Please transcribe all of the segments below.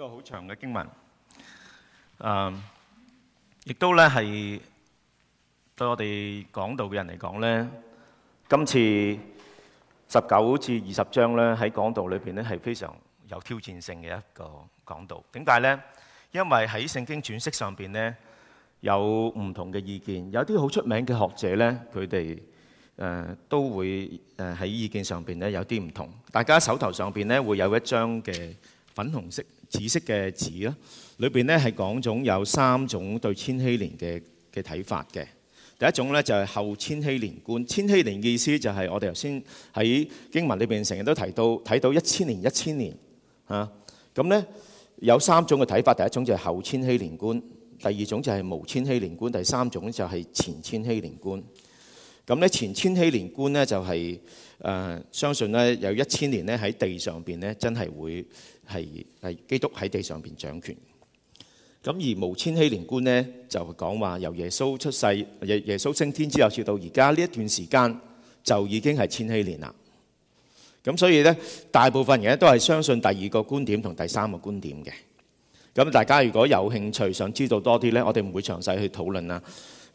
一個好長嘅經文，誒，亦都咧係對我哋講道嘅人嚟講咧，今次十九至二十章咧喺講道裏邊咧係非常有挑戰性嘅一個講道。點解咧？因為喺聖經詮釋上邊咧有唔同嘅意見，有啲好出名嘅學者咧，佢哋誒都會誒喺意見上邊咧有啲唔同。大家手頭上邊咧會有一張嘅粉紅色。紫色嘅紫，啦，裏邊咧係講總有三種對千禧年嘅嘅睇法嘅。第一種咧就係、是、後千禧年觀，千禧年嘅意思就係我哋頭先喺經文裏邊成日都提到睇到一千年一千年嚇。咁、啊、咧有三種嘅睇法，第一種就係後千禧年觀，第二種就係無千禧年觀，第三種就係前千禧年觀。咁咧，前千禧年觀咧就係、是、誒、呃，相信咧有一千年咧喺地上邊咧，真係會係係基督喺地上邊掌權。咁而無千禧年觀咧，就講話由耶穌出世、耶耶穌升天之後，至到而家呢一段時間，就已經係千禧年啦。咁所以咧，大部分人嘅都係相信第二個觀點同第三個觀點嘅。咁大家如果有興趣想知道多啲咧，我哋唔會詳細去討論啦。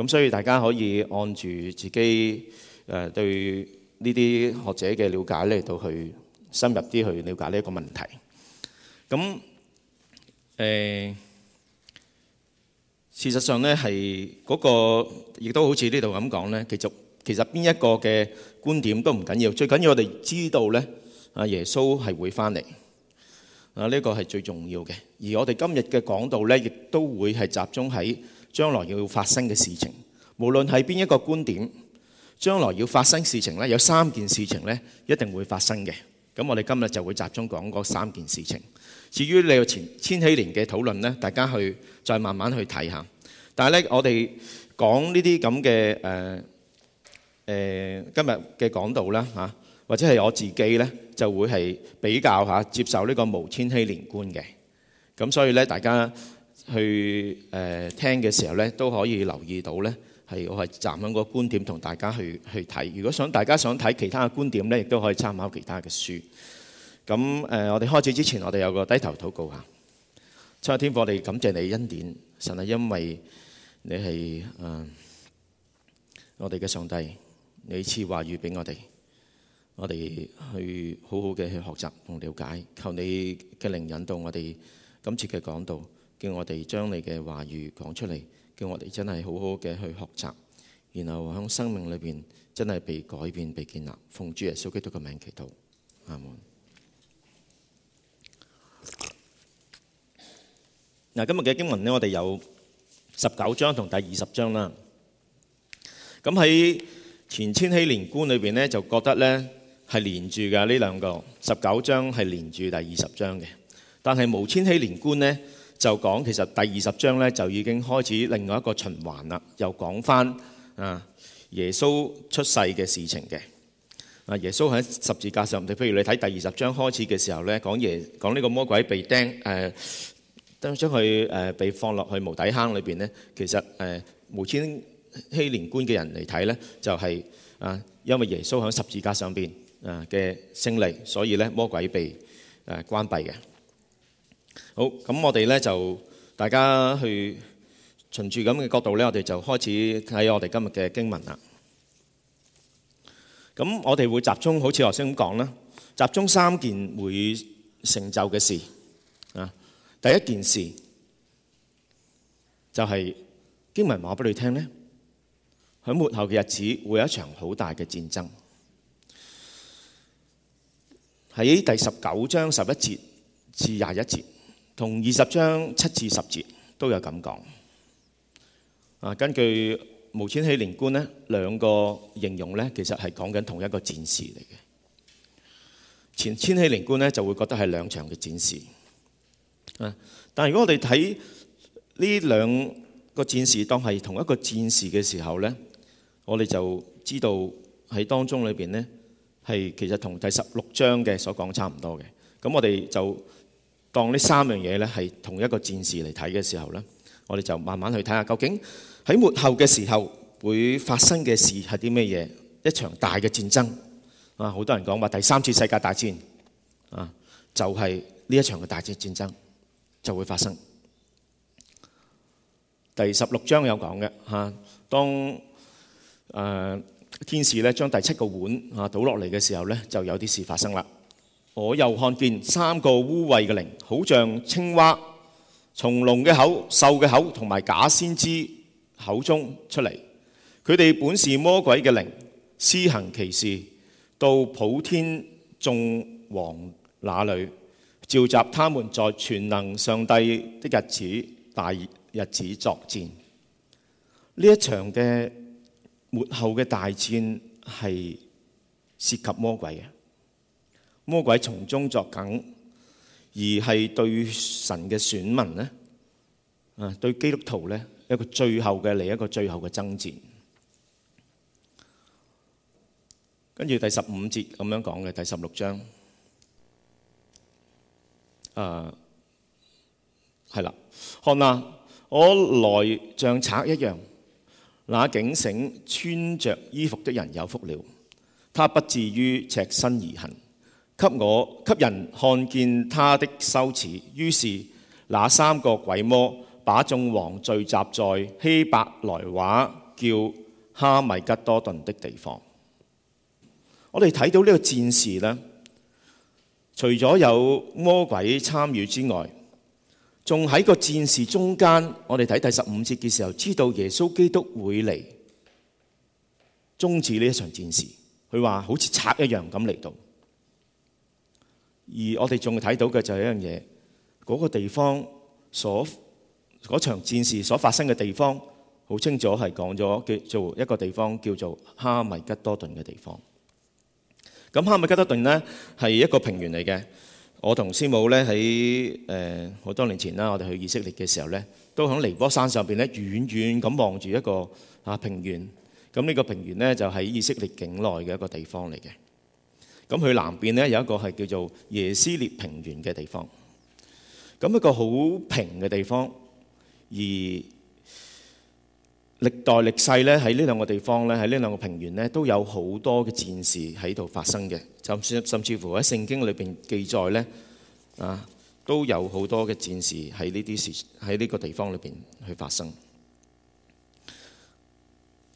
咁所以大家可以按住自己誒對呢啲學者嘅瞭解嚟到去深入啲去瞭解呢一個問題。咁誒，事實上咧係嗰個，亦都好似呢度咁講咧。其實，其實邊一個嘅觀點都唔緊要，最緊要我哋知道咧，阿耶穌係會翻嚟啊！呢個係最重要嘅。而我哋今日嘅講道咧，亦都會係集中喺。將來要發生嘅事情，無論係邊一個觀點，將來要發生事情呢，有三件事情呢，一定會發生嘅。咁我哋今日就會集中講嗰三件事情。至於你前千禧年嘅討論呢，大家去再慢慢去睇下。但係呢，我哋講呢啲咁嘅誒誒，今日嘅講道啦嚇，或者係我自己呢，就會係比較嚇接受呢個無千禧年觀嘅。咁所以呢，大家。去誒、呃、聽嘅時候呢，都可以留意到呢，係我係站緊個觀點同大家去去睇。如果想大家想睇其他嘅觀點呢，亦都可以參考其他嘅書。咁誒、呃，我哋開始之前，我哋有個低頭禱告啊。天父，我哋感謝你恩典，神啊，因為你係、呃、我哋嘅上帝，你賜話語俾我哋，我哋去好好嘅去學習同了解。求你嘅靈引導我哋今次嘅講道。叫我哋將你嘅話語講出嚟，叫我哋真係好好嘅去學習，然後喺生命裏邊真係被改變、被建立。奉主耶穌基督嘅名祈禱，阿門。嗱，今日嘅經文呢，我哋有十九章同第二十章啦。咁喺前千禧年觀裏邊呢，就覺得呢係連住嘅呢兩個十九章係連住第二十章嘅，但係無千禧年觀呢就講，其實第二十章呢，就已經開始另外一個循環啦，又講返耶穌出世嘅事情嘅。耶穌喺十字架上邊，譬如你睇第二十章開始嘅時候呢，講耶講呢個魔鬼被釘，誒，將佢誒被放落去無底坑裏邊呢。其實誒、呃、無千禧年觀嘅人嚟睇呢，就係、是、啊，因為耶穌喺十字架上邊嘅勝利，所以呢，魔鬼被誒關閉嘅。好，咁我哋咧就大家去循住咁嘅角度咧，我哋就開始睇我哋今日嘅經文啦。咁我哋會集中，好似頭先咁講啦，集中三件會成就嘅事啊。第一件事就係、是、經文話俾你聽咧，喺末後嘅日子會有一場好大嘅戰爭，喺第十九章十一節至廿一節。同二十章七至十節都有咁講，根據無千禧靈官呢兩個形容呢，其實係講緊同一個戰事嚟嘅。前千禧靈官呢，就會覺得係兩場嘅戰事。但如果我哋睇呢兩個戰事當係同一個戰事嘅時候呢，我哋就知道喺當中裏面呢，係其實同第十六章嘅所講差唔多嘅。咁我哋就。當呢三樣嘢咧係同一個戰事嚟睇嘅時候咧，我哋就慢慢去睇下究竟喺末後嘅時候會發生嘅事係啲咩嘢？一場大嘅戰爭啊，好多人講話第三次世界大戰啊，就係呢一場嘅大戰戰爭就會發生。第十六章有講嘅嚇，當誒天使咧將第七個碗啊倒落嚟嘅時候咧，就有啲事發生啦。我又看見三個污穢嘅靈，好像青蛙，從龍嘅口、獸嘅口同埋假先知口中出嚟。佢哋本是魔鬼嘅靈，施行奇事，到普天眾王那裏，召集他們，在全能上帝的日子大日子作戰。呢一場嘅末後嘅大戰係涉及魔鬼嘅。魔鬼從中作梗，而係對神嘅選民咧，對基督徒呢一個最後嘅嚟一個最後嘅爭戰。跟住第十五節咁樣講嘅，第十六章，啊，係啦，看哪，我來像賊一樣，那警醒穿着衣服的人有福了，他不至於赤身而行。給我，給人看見他的羞恥。於是那三個鬼魔把眾王聚集在希伯來話叫哈米吉多頓的地方。我哋睇到呢個戰事，呢除咗有魔鬼參與之外，仲喺個戰事中間。我哋睇第十五節嘅時候，知道耶穌基督會嚟終止呢一場戰事。佢話好似賊一樣咁嚟到。而我哋仲睇到嘅就係一樣嘢，嗰個地方所嗰場戰事所發生嘅地方，好清楚係講咗叫做一個地方叫做哈米吉多頓嘅地方。咁哈米吉多頓呢，係一個平原嚟嘅。我同師母呢，喺誒好多年前啦，我哋去以色列嘅時候呢，都喺尼波山上邊呢，遠遠咁望住一個啊平原。咁呢個平原呢，就喺以色列境內嘅一個地方嚟嘅。咁佢南邊呢，有一個係叫做耶斯列平原嘅地方，咁一個好平嘅地方，而歷代歷世呢，喺呢兩個地方呢，喺呢兩個平原呢，都有好多嘅戰事喺度發生嘅，就算甚至乎喺聖經裏邊記載呢，啊都有好多嘅戰事喺呢啲事喺呢個地方裏邊去發生的。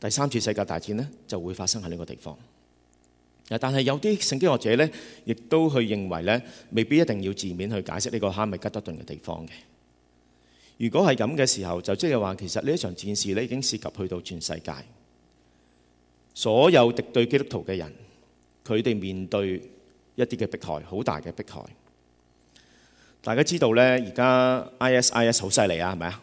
第三次世界大戰呢就會發生喺呢個地方。但係有啲聖經學者呢，亦都去認為呢，未必一定要字面去解釋呢個哈米吉多頓嘅地方嘅。如果係咁嘅時候，就即係話其實呢一場戰事呢已經涉及去到全世界，所有敵對基督徒嘅人，佢哋面對一啲嘅迫害，好大嘅迫害。大家知道呢，而家 ISIS 好犀利啊，係咪啊？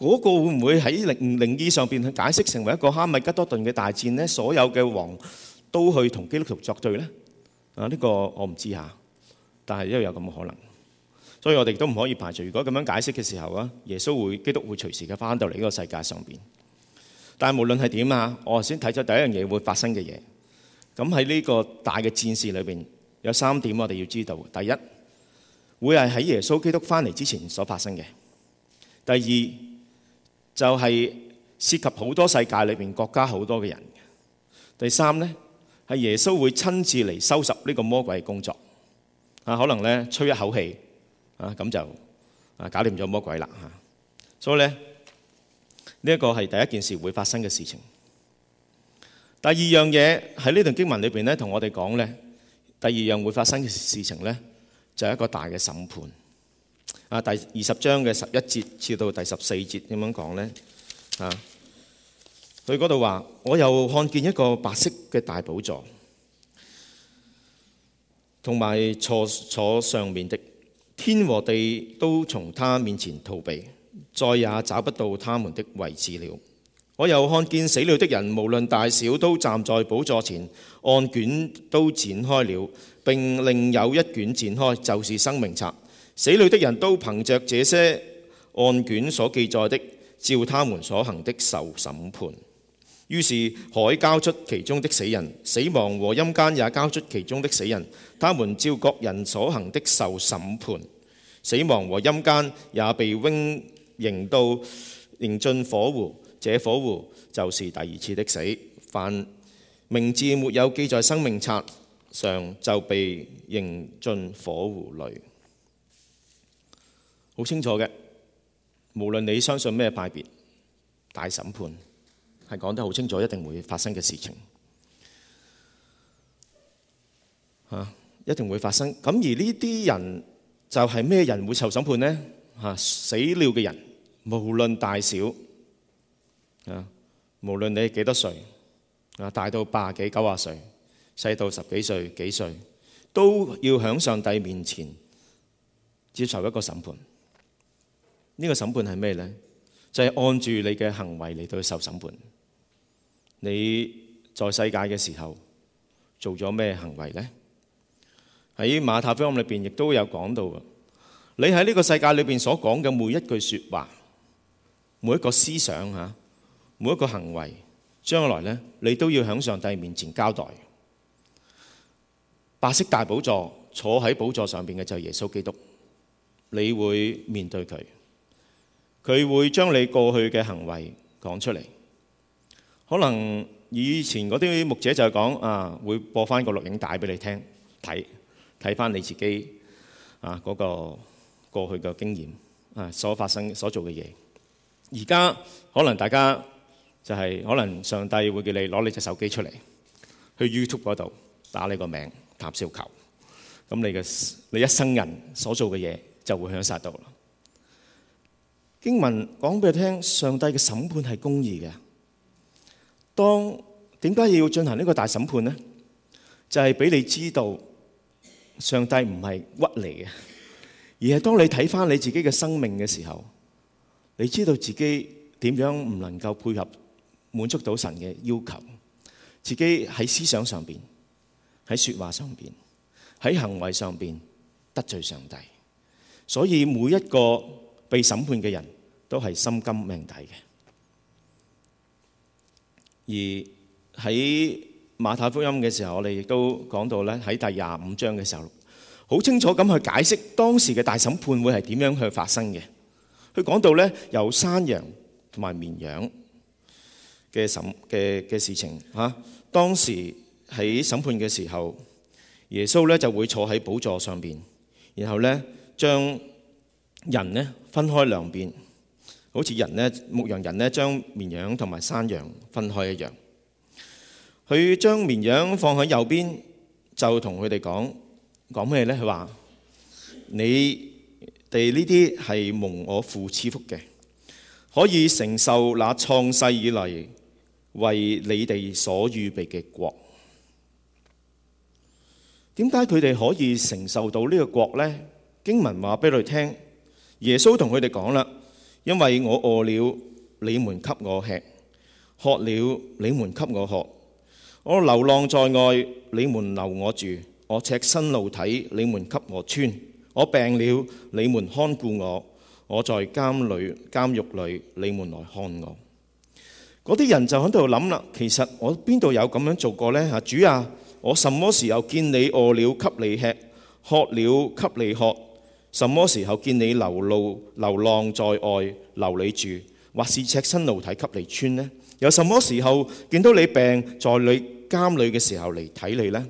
嗰、那個會唔會喺靈、靈意上邊去解釋成為一個哈米吉多頓嘅大戰咧？所有嘅王都去同基督徒作對呢？啊，呢個我唔知吓，但係都有咁嘅可能，所以我哋都唔可以排除。如果咁樣解釋嘅時候啊，耶穌會基督會隨時嘅翻到嚟呢個世界上邊。但係無論係點啊，我先睇咗第一樣嘢會發生嘅嘢。咁喺呢個大嘅戰事裏邊，有三點我哋要知道。第一，會係喺耶穌基督翻嚟之前所發生嘅。第二。就係、是、涉及好多世界裏面國家好多嘅人的。第三咧，係耶穌會親自嚟收拾呢個魔鬼嘅工作。啊，可能咧吹一口氣，啊咁就啊搞掂咗魔鬼啦。嚇，所以咧呢一個係第一件事會發生嘅事情。第二樣嘢喺呢段經文裏面咧，同我哋講咧，第二樣會發生嘅事情咧，就係、是、一個大嘅審判。啊，第二十章嘅十一節至到第十四節點樣講呢？佢嗰度話，我又看見一個白色嘅大寶座，同埋坐坐上面的天和地都從他面前逃避，再也找不到他們的位置了。我又看見死了的人無論大小都站在寶座前，案卷都展開了，并另有一卷展開，就是生命冊。死裏的人都憑着這些案卷所記載的，照他們所行的受審判。於是海交出其中的死人，死亡和陰間也交出其中的死人，他們照各人所行的受審判。死亡和陰間也被扔到扔進火湖，這火湖就是第二次的死。凡名字沒有記在生命冊上，就被扔進火湖裏。好清楚嘅，無論你相信咩派別，大審判係講得好清楚，一定會發生嘅事情。吓，一定會發生。咁而呢啲人就係咩人會受審判呢？吓，死了嘅人，無論大小，吓，無論你幾多歲，啊，大到八十幾、九十歲，細到十幾歲、幾歲，都要響上帝面前接受一個審判。呢、這個審判係咩呢？就係，是，按住你嘅行為嚟到受審判。你在世界嘅時候做咗咩行為呢？喺馬太福音裏面亦都有講到，你喺呢個世界裏面所講嘅每一句說話、每一個思想吓、每一個行為，將來你都要喺上帝面前交代。白色大寶座坐喺寶座上邊嘅就係耶穌基督，你會面對佢。佢會將你過去嘅行為講出嚟，可能以前嗰啲牧者就係講啊，會播翻個錄影帶俾你聽睇，睇翻你自己啊嗰個過去嘅經驗啊，所發生所做嘅嘢。而家可能大家就係、是、可能上帝會叫你攞你隻手機出嚟，去 YouTube 嗰度打你個名譚紹球，咁你嘅你一生人所做嘅嘢就會喺殺到。經文講俾你聽，上帝嘅審判係公義嘅。當點解要進行呢個大審判呢？就係、是、俾你知道，上帝唔係屈嚟嘅，而係當你睇返你自己嘅生命嘅時候，你知道自己點樣唔能夠配合滿足到神嘅要求，自己喺思想上邊、喺說話上邊、喺行為上邊得罪上帝，所以每一個。被審判嘅人都係心甘命抵嘅，而喺馬太福音嘅時候，我哋亦都講到咧喺第廿五章嘅時候，好清楚咁去解釋當時嘅大審判會係點樣去發生嘅。佢講到咧由山羊同埋綿羊嘅審嘅嘅事情嚇，當時喺審判嘅時候，耶穌咧就會坐喺寶座上邊，然後咧將人咧。分開兩邊，好似人呢，牧羊人呢，將綿羊同埋山羊分開一樣。佢將綿羊放喺右邊，就同佢哋講，講咩呢？佢話：你哋呢啲係蒙我父賜福嘅，可以承受那創世以嚟為你哋所預備嘅國。點解佢哋可以承受到呢個國呢？經文話俾佢哋聽。耶穌同佢哋講啦，因為我餓了，你們給我吃；渴了，你們給我喝；我流浪在外，你們留我住；我赤身露體，你們給我穿；我病了，你們看顧我；我在監裏監獄裏，你們來看我。嗰啲人就喺度諗啦，其實我邊度有咁樣做過呢？嚇主啊，我什麼時候見你餓了給你吃，渴了給你喝？什麼時候見你流露流浪在外、留你住，或是赤身露體給你穿呢？有什麼時候見到你病在你監裏嘅時候嚟睇你呢？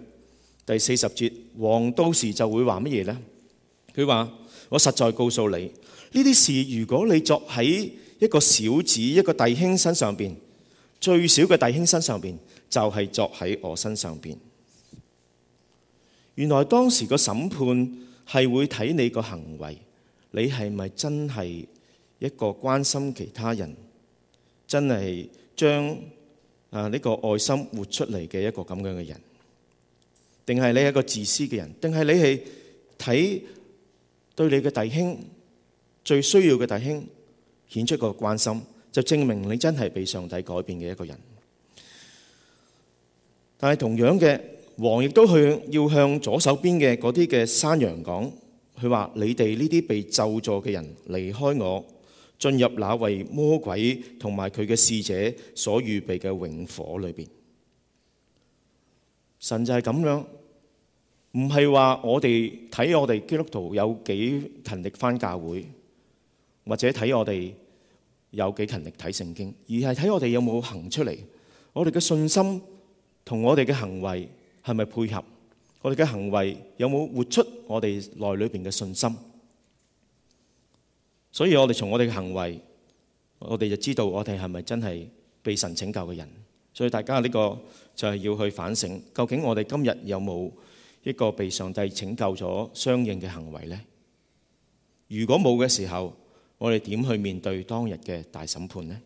第四十節，王到時就會話乜嘢呢？佢話：我實在告訴你，呢啲事如果你作喺一個小子、一個弟兄身上邊，最小嘅弟兄身上邊，就係作喺我身上邊。原來當時個審判。係會睇你個行為，你係咪真係一個關心其他人，真係將啊呢個愛心活出嚟嘅一個咁樣嘅人，定係你係一個自私嘅人，定係你係睇對你嘅弟兄最需要嘅弟兄顯出個關心，就證明你真係被上帝改變嘅一個人。但係同樣嘅。王亦都向要向左手邊嘅嗰啲嘅山羊講，佢話：你哋呢啲被咒詛嘅人，離開我，進入那位魔鬼同埋佢嘅使者所預備嘅永火裏邊。神就係咁樣，唔係話我哋睇我哋基督徒有幾勤力翻教會，或者睇我哋有幾勤力睇聖經，而係睇我哋有冇行出嚟，我哋嘅信心同我哋嘅行為。係咪配合我哋嘅行為有冇活出我哋內裏邊嘅信心？所以我哋從我哋嘅行為，我哋就知道我哋係咪真係被神拯救嘅人？所以大家呢個就係要去反省，究竟我哋今日有冇一個被上帝拯救咗相應嘅行為呢？如果冇嘅時候，我哋點去面對當日嘅大審判呢？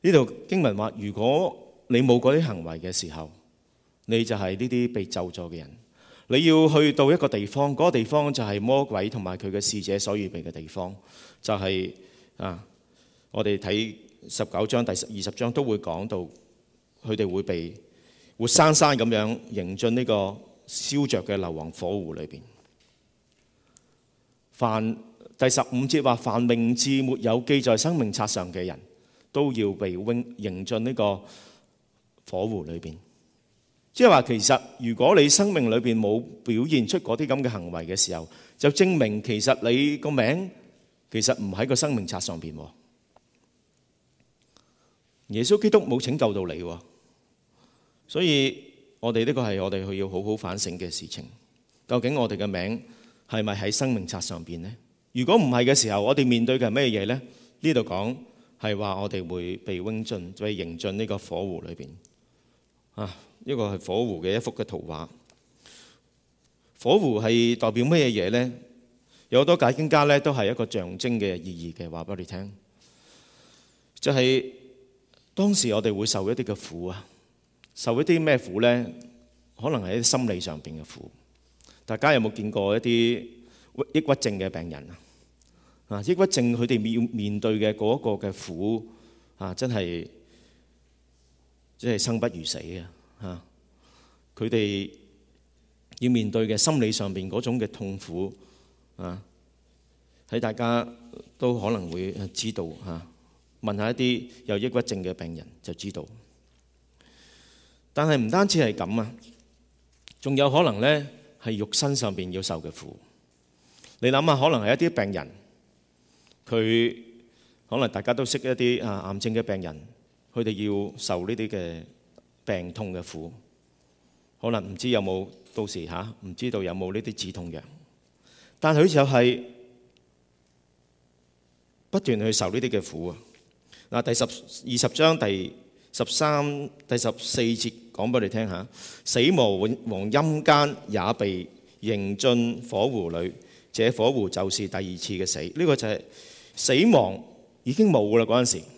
呢度經文話：如果你冇嗰啲行為嘅時候，你就係呢啲被咒詛嘅人。你要去到一個地方，嗰、那個地方就係魔鬼同埋佢嘅使者所預備嘅地方，就係、是、啊。我哋睇十九章第二十章都會講到，佢哋會被活生生咁樣迎進呢個燒着嘅硫磺火湖裏邊。凡第十五節話，凡名字沒有記在生命冊上嘅人都要被迎迎進呢、這個。火湖裏邊，即係話，其實如果你生命裏邊冇表現出嗰啲咁嘅行為嘅時候，就證明其實你個名其實唔喺個生命冊上邊。耶穌基督冇拯救到你，所以我哋呢個係我哋去要好好反省嘅事情。究竟我哋嘅名係咪喺生命冊上邊呢？如果唔係嘅時候，我哋面對嘅係咩嘢呢？呢度講係話我哋會被扔進、被迎進呢個火湖裏邊。啊！呢、這個係火湖嘅一幅嘅圖畫。火湖係代表乜嘢嘢咧？有好多解經家咧都係一個象徵嘅意義嘅，話俾你聽。就係、是、當時我哋會受一啲嘅苦啊，受一啲咩苦咧？可能係一啲心理上邊嘅苦。大家有冇見過一啲抑鬱症嘅病人啊？啊！抑鬱症佢哋面面對嘅嗰個嘅苦啊，真係～即係生不如死啊！佢哋要面對嘅心理上邊嗰種嘅痛苦啊，喺大家都可能會知道吓，問下一啲有抑鬱症嘅病人就知道。但係唔單止係咁啊，仲有可能呢係肉身上邊要受嘅苦。你諗下，可能係一啲病人，佢可能大家都識一啲啊癌症嘅病人。佢哋要受呢啲嘅病痛嘅苦，可能唔知有冇到時吓，唔知道有冇呢啲止痛藥。但佢就係不斷去受呢啲嘅苦啊！嗱，第十二十章第十三、第十四節講俾你聽吓、啊，死亡往陰間也被迎進火湖裏，這火湖就是第二次嘅死。呢、這個就係、是、死亡已經冇啦嗰陣時。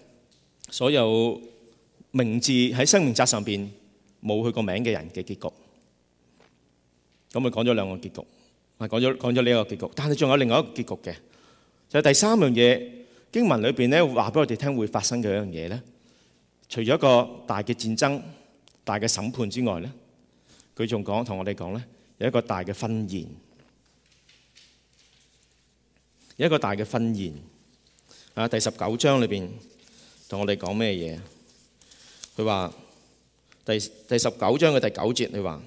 所有名字喺生命冊上邊冇佢個名嘅人嘅結局，咁佢講咗兩個結局，咪講咗講咗呢一個結局。但係仲有另外一個結局嘅，就係第三樣嘢經文裏邊咧，話俾我哋聽會發生嘅一樣嘢咧，除咗一個大嘅戰爭、大嘅審判之外咧，佢仲講同我哋講咧，有一個大嘅婚宴，有一個大嘅婚宴，啊，第十九章裏邊。同我哋講咩嘢？佢話第，第十九章嘅第九節，佢話，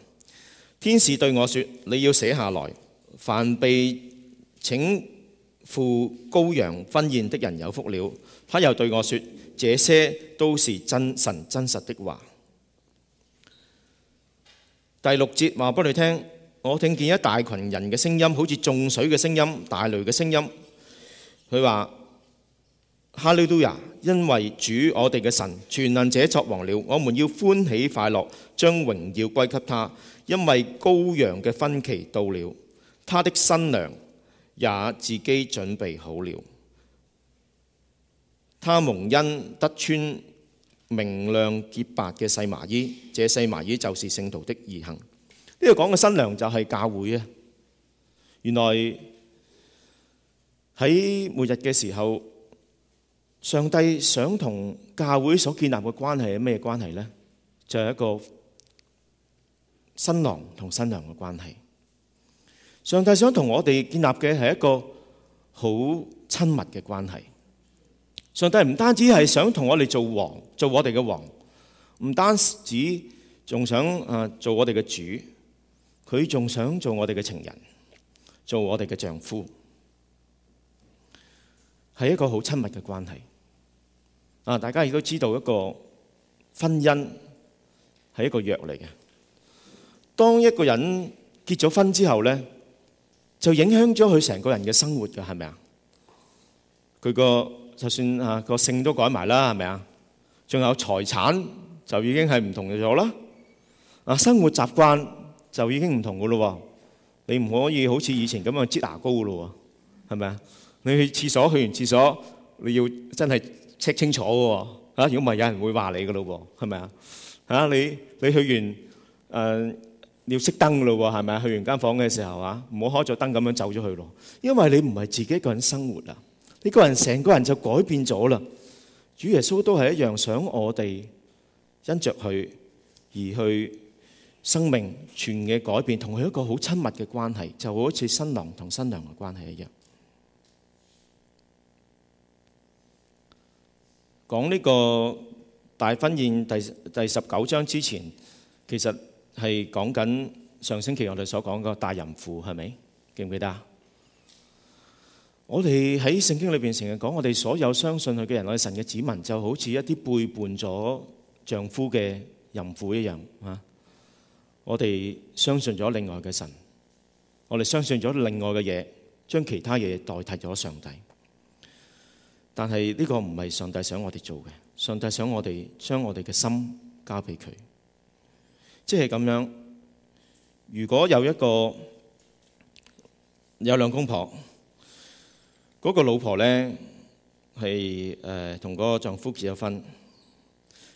天使對我說：你要寫下來，凡被請赴羔羊婚宴的人有福了。他又對我說：這些都是真神真實的話。第六節話俾你聽，我聽見一大群人嘅聲音，好似眾水嘅聲音、大雷嘅聲音。佢話。哈利路亞！因為主我哋嘅神全能者作王了，我們要歡喜快樂，將榮耀歸給他。因為羔羊嘅婚期到了，他的新娘也自己準備好了。他蒙恩得穿明亮潔白嘅細麻衣，這細麻衣就是聖徒的義行。呢度講嘅新娘就係教會啊。原來喺末日嘅時候。上帝想同教會所建立嘅關係係咩關係咧？就係一個新郎同新娘嘅關係。上帝想同我哋建立嘅係一個好親密嘅關係。上帝唔單止係想同我哋做王，做我哋嘅王，唔單止仲想啊做我哋嘅主，佢仲想做我哋嘅情人，做我哋嘅丈夫，係一個好親密嘅關係。啊！大家亦都知道一個婚姻係一個約嚟嘅。當一個人結咗婚之後咧，就影響咗佢成個人嘅生活嘅，係咪啊？佢個就算啊個性都改埋啦，係咪啊？仲有財產就已經係唔同嘅咗啦。啊，生活習慣就已經唔同嘅咯。你唔可以好似以前咁樣擠牙膏嘅咯，係咪啊？你去廁所，去完廁所，你要真係～check 清楚嘅喎，如果唔係，有人會話你嘅咯喎，係咪啊？嚇你你去完誒、呃、要熄燈嘅咯喎，係咪啊？去完間房嘅時候啊，唔好開咗燈咁樣走咗去咯，因為你唔係自己一個人生活啦，你個人成個人就改變咗啦。主耶穌都係一，一，一樣，想我哋因着佢而去生命全嘅改變，同佢一個好親密嘅關係，就好似新郎同新娘嘅關係一樣。講呢個大婚宴第第十九章之前，其實係講緊上星期我哋所講個大淫婦，係咪？記唔記得啊？我哋喺聖經裏邊成日講，我哋所有相信佢嘅人，我哋神嘅子民就好似一啲背叛咗丈夫嘅淫婦一樣。我哋相信咗另外嘅神，我哋相信咗另外嘅嘢，將其他嘢代替咗上帝。但係呢個唔係上帝想我哋做嘅，上帝想我哋將我哋嘅心交俾佢，即係咁樣。如果有一個有兩公婆，嗰個老婆呢係誒同嗰個丈夫結咗婚，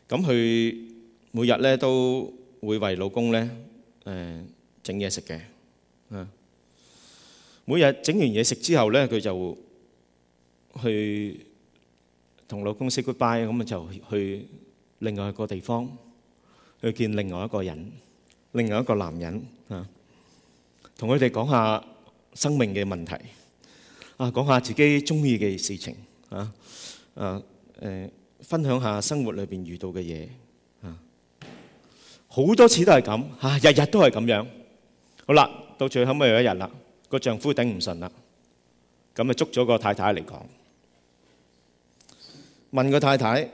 咁佢每日呢都會為老公呢誒整嘢食嘅，嗯，每日整完嘢食之後呢，佢就去。同老公 say goodbye，咁啊就去另外一個地方去見另外一個人，另外一個男人啊，同佢哋講下生命嘅問題，啊講下自己中意嘅事情啊，誒誒分享下生活裏邊遇到嘅嘢啊，好多次都係咁啊，日日都係咁樣。好啦，到最後尾有一日啦，個丈夫頂唔順啦，咁啊捉咗個太太嚟講。問個太太：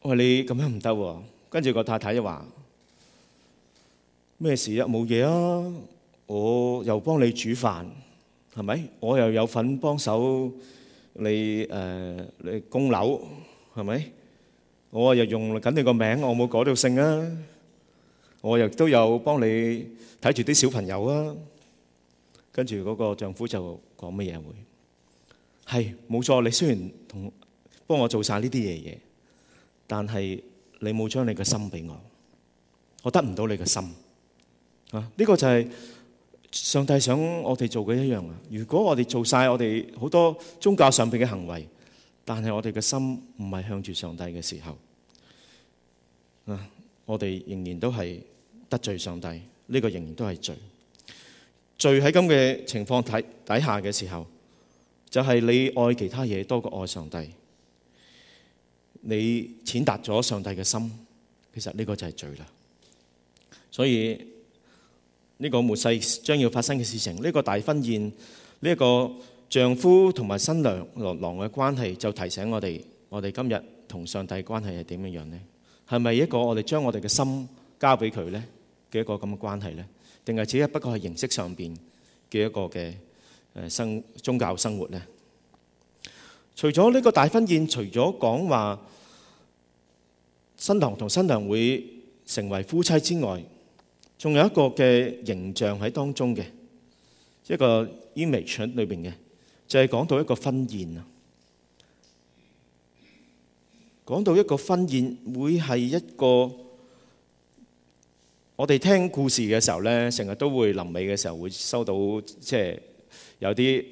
我話你咁樣唔得喎。跟住個太太就話：咩事啊？冇嘢啊！我又幫你煮飯，係咪？我又有份幫手你誒你供樓，係咪？我又用緊你個名，我冇改到姓啊！我亦都有幫你睇住啲小朋友啊！跟住嗰個丈夫就講乜嘢會？係冇錯，你雖然同。幫我做晒呢啲嘢嘢，但係你冇將你嘅心俾我，我得唔到你嘅心啊？呢個就係上帝想我哋做嘅一樣啊。如果我哋做晒我哋好多宗教上邊嘅行為，但係我哋嘅心唔係向住上帝嘅時候啊，我哋仍然都係得罪上帝。呢個仍然都係罪罪，喺咁嘅情況底底下嘅時候，就係你愛其他嘢，多過愛上帝。你踐踏咗上帝嘅心，其實呢個就係罪啦。所以呢個末世將要發生嘅事情，呢個大婚宴，呢一個丈夫同埋新娘郎嘅關係，就提醒我哋：我哋今日同上帝關係係點樣樣呢？係咪一個我哋將我哋嘅心交俾佢呢嘅一個咁嘅關係呢？定係只係不過係形式上邊嘅一個嘅誒生宗教生活呢？除咗呢個大婚宴，除咗講話新郎同新娘會成為夫妻之外，仲有一個嘅形象喺當中嘅一個 image 裏邊嘅，就係講到一個婚宴啊。講到一個婚宴，會係一個我哋聽故事嘅時候呢，成日都會臨尾嘅時候會收到，即係有啲。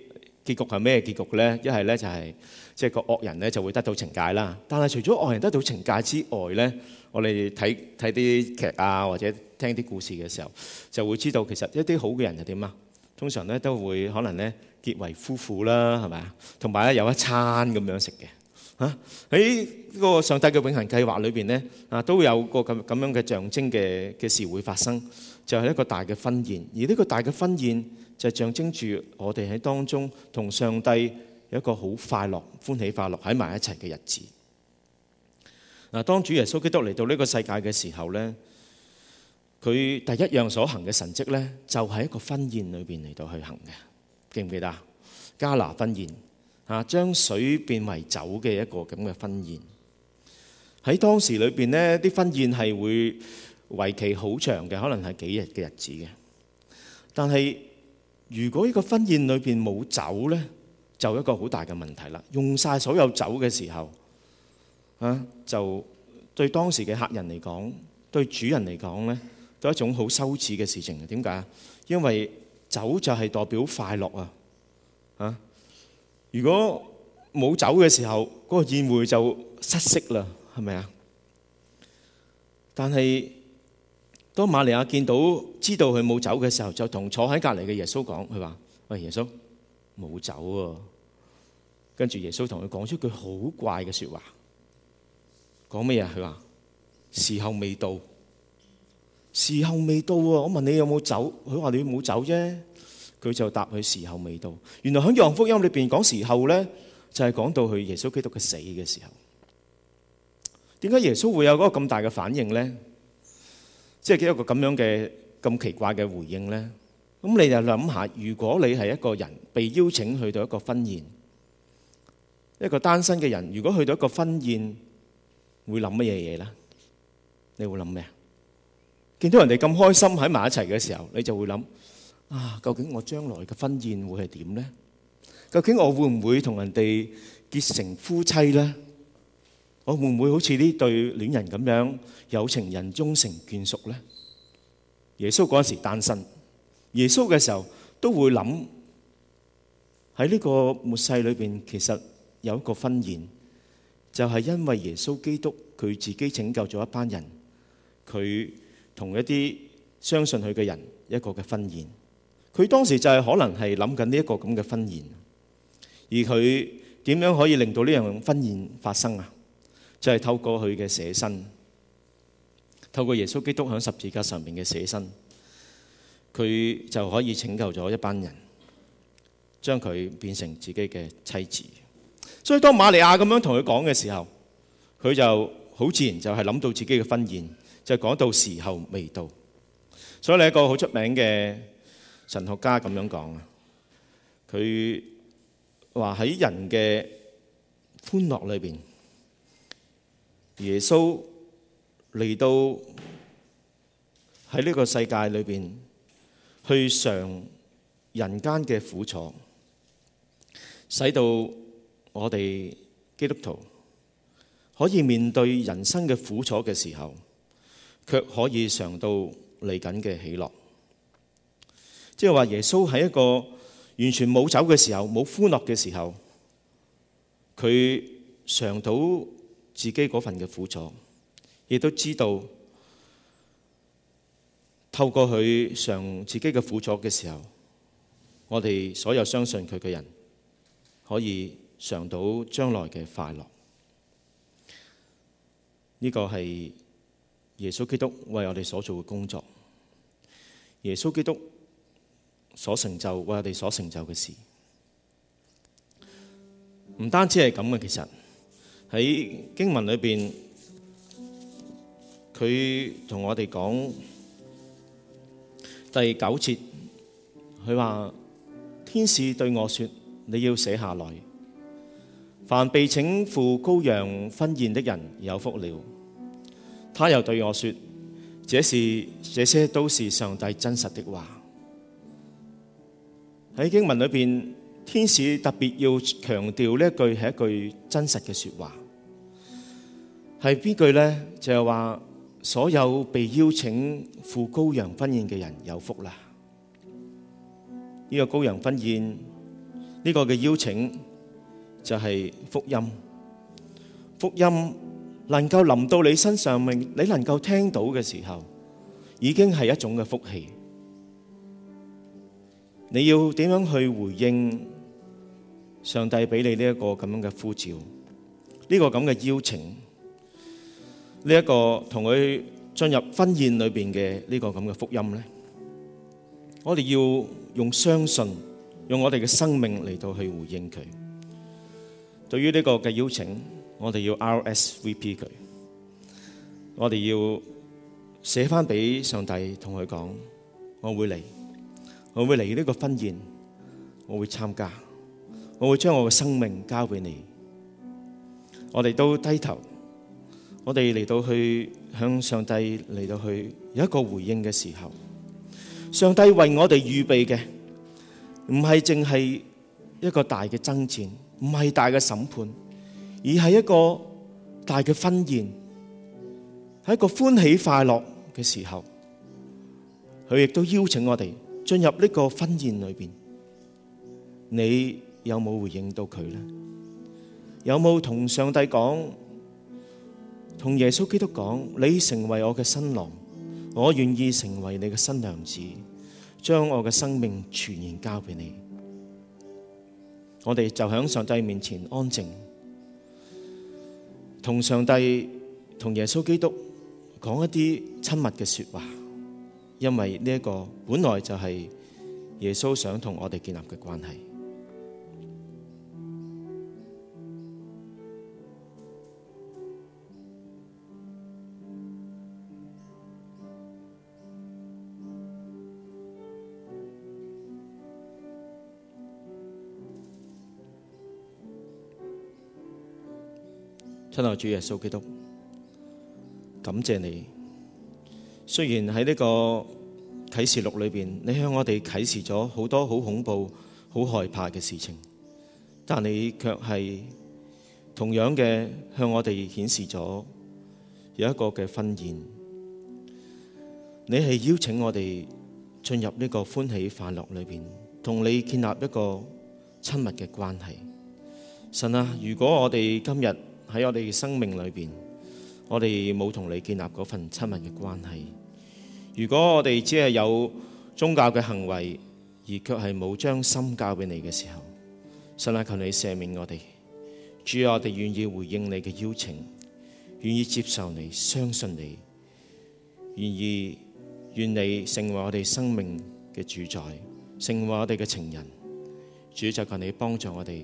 結局係咩結局呢？一係呢就係即係個惡人呢就會得到懲戒啦。但係除咗惡人得到懲戒之外呢，我哋睇睇啲劇啊，或者聽啲故事嘅時候，就會知道其實一啲好嘅人就點啊？通常呢都會可能呢結為夫婦啦，係咪啊？同埋呢有一餐咁樣食嘅嚇，喺嗰個上帝嘅永恆計劃裏邊呢啊，都會有個咁咁樣嘅象徵嘅嘅事會發生，就係一個大嘅婚宴。而呢個大嘅婚宴，就象徵住我哋喺當中同上帝有一個好快樂、歡喜快樂喺埋一齊嘅日子。嗱，當主耶穌基督嚟到呢個世界嘅時候咧，佢第一樣所行嘅神跡咧，就係一個婚宴裏邊嚟到去行嘅，記唔記得啊？加拿婚宴啊，將水變為酒嘅一個咁嘅婚宴喺當時裏邊咧，啲婚宴係會為期好長嘅，可能係幾日嘅日子嘅，但係。如果呢個婚宴裏邊冇酒呢，就一個好大嘅問題啦。用晒所有酒嘅時候，啊，就對當時嘅客人嚟講，對主人嚟講呢，都一種好羞恥嘅事情。點解？因為酒就係代表快樂啊！啊，如果冇酒嘅時候，嗰個宴會就失色啦，係咪啊？但係。當瑪利亞見到知道佢冇酒嘅時候，就同坐喺隔籬嘅耶穌講：佢話喂，耶穌冇酒啊！跟住耶穌同佢講出句好怪嘅說話，講咩嘢？「佢話時候未到，時候未到啊！我問你有冇酒？佢話你冇酒啫。佢就答佢時候未到。原來喺約翰福音裏邊講時候咧，就係、是、講到佢耶穌基督嘅死嘅時候。點解耶穌會有嗰個咁大嘅反應咧？即係一個咁樣嘅咁奇怪嘅回應咧。咁你就諗下，如果你係一個人被邀請去到一個婚宴，一個單身嘅人，如果去到一個婚宴，會諗乜嘢嘢咧？你會諗咩啊？見到人哋咁開心喺埋一齊嘅時候，你就會諗啊，究竟我將來嘅婚宴會係點咧？究竟我會唔會同人哋結成夫妻咧？我會唔會好似呢對戀人咁樣有情人終成眷屬呢？耶穌嗰時單身，耶穌嘅時候都會諗喺呢個末世裏邊，其實有一個婚宴，就係因為耶穌基督佢自己拯救咗一班人，佢同一啲相信佢嘅人一個嘅婚宴。佢當時就係可能係諗緊呢一個咁嘅婚宴，而佢點樣可以令到呢樣婚宴發生啊？就係、是、透過佢嘅捨身，透過耶穌基督喺十字架上面嘅捨身，佢就可以拯救咗一班人，將佢變成自己嘅妻子。所以當瑪利亞咁樣同佢講嘅時候，佢就好自然就係諗到自己嘅婚宴，就係講到時候未到。所以呢一個好出名嘅神學家咁樣講啊，佢話喺人嘅歡樂裏面。耶穌嚟到喺呢個世界裏邊，去嘗人間嘅苦楚，使到我哋基督徒可以面對人生嘅苦楚嘅時候，卻可以嘗到嚟緊嘅喜樂。即係話，耶穌喺一個完全冇走嘅時候，冇歡樂嘅時候，佢嘗到。自己嗰份嘅苦楚，亦都知道透過佢嘗自己嘅苦楚嘅時候，我哋所有相信佢嘅人可以嘗到將來嘅快樂。呢個係耶穌基督為我哋所做嘅工作，耶穌基督所成就為我哋所成就嘅事，唔單止係咁嘅，其實。喺經文裏邊，佢同我哋講第九節，佢話天使對我說：你要寫下來，凡被請赴羔羊婚宴的人有福了。他又對我說：這是這些都是上帝真實的話。喺經文裏邊，天使特別要強調呢一句係一句真實嘅說話。係邊句咧？就係話所有被邀請赴羔羊婚宴嘅人有福啦！呢個羔羊婚宴，呢個嘅邀請就係福音。福音能夠臨到你身上面，你能夠聽到嘅時候，已經係一種嘅福氣。你要點樣去回應上帝俾你呢一個咁樣嘅呼召？呢個咁嘅邀請？呢、這、一個同佢進入婚宴裏邊嘅呢個咁嘅福音咧，我哋要用相信，用我哋嘅生命嚟到去回應佢。對於呢個嘅邀請，我哋要 RSVP 佢。我哋要寫返俾上帝同佢講，我會嚟，我會嚟呢個婚宴，我會參加，我會將我嘅生命交俾你。我哋都低頭。我哋嚟到去向上帝嚟到去有一個回應嘅時候，上帝為我哋預備嘅唔係淨係一個大嘅爭戰，唔係大嘅審判，而係一個大嘅婚宴，喺一個歡喜快樂嘅時候，佢亦都邀請我哋進入呢個婚宴裏邊。你有冇回應到佢咧？有冇同上帝講？同耶穌基督講，你成為我嘅新郎，我願意成為你嘅新娘子，將我嘅生命全然交俾你。我哋就響上帝面前安靜，同上帝、同耶穌基督講一啲親密嘅說話，因為呢一個本來就係耶穌想同我哋建立嘅關係。我主耶穌基督，感謝你。雖然喺呢個啟示錄裏邊，你向我哋啟示咗好多好恐怖、好害怕嘅事情，但你卻係同樣嘅向我哋顯示咗有一個嘅婚宴。你係邀請我哋進入呢個歡喜快樂裏邊，同你建立一個親密嘅關係。神啊，如果我哋今日，喺我哋生命裏邊，我哋冇同你建立嗰份親密嘅關係。如果我哋只係有宗教嘅行為，而卻係冇將心交俾你嘅時候，神啊，求你赦免我哋。主，我哋願意回應你嘅邀請，願意接受你，相信你，願意願你成為我哋生命嘅主宰，成為我哋嘅情人。主就求你幫助我哋，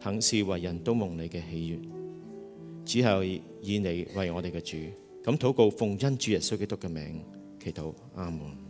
行事為人都蒙你嘅喜悅。只係以你為我哋嘅主，咁禱告奉恩主耶穌基督嘅名，祈禱，阿門。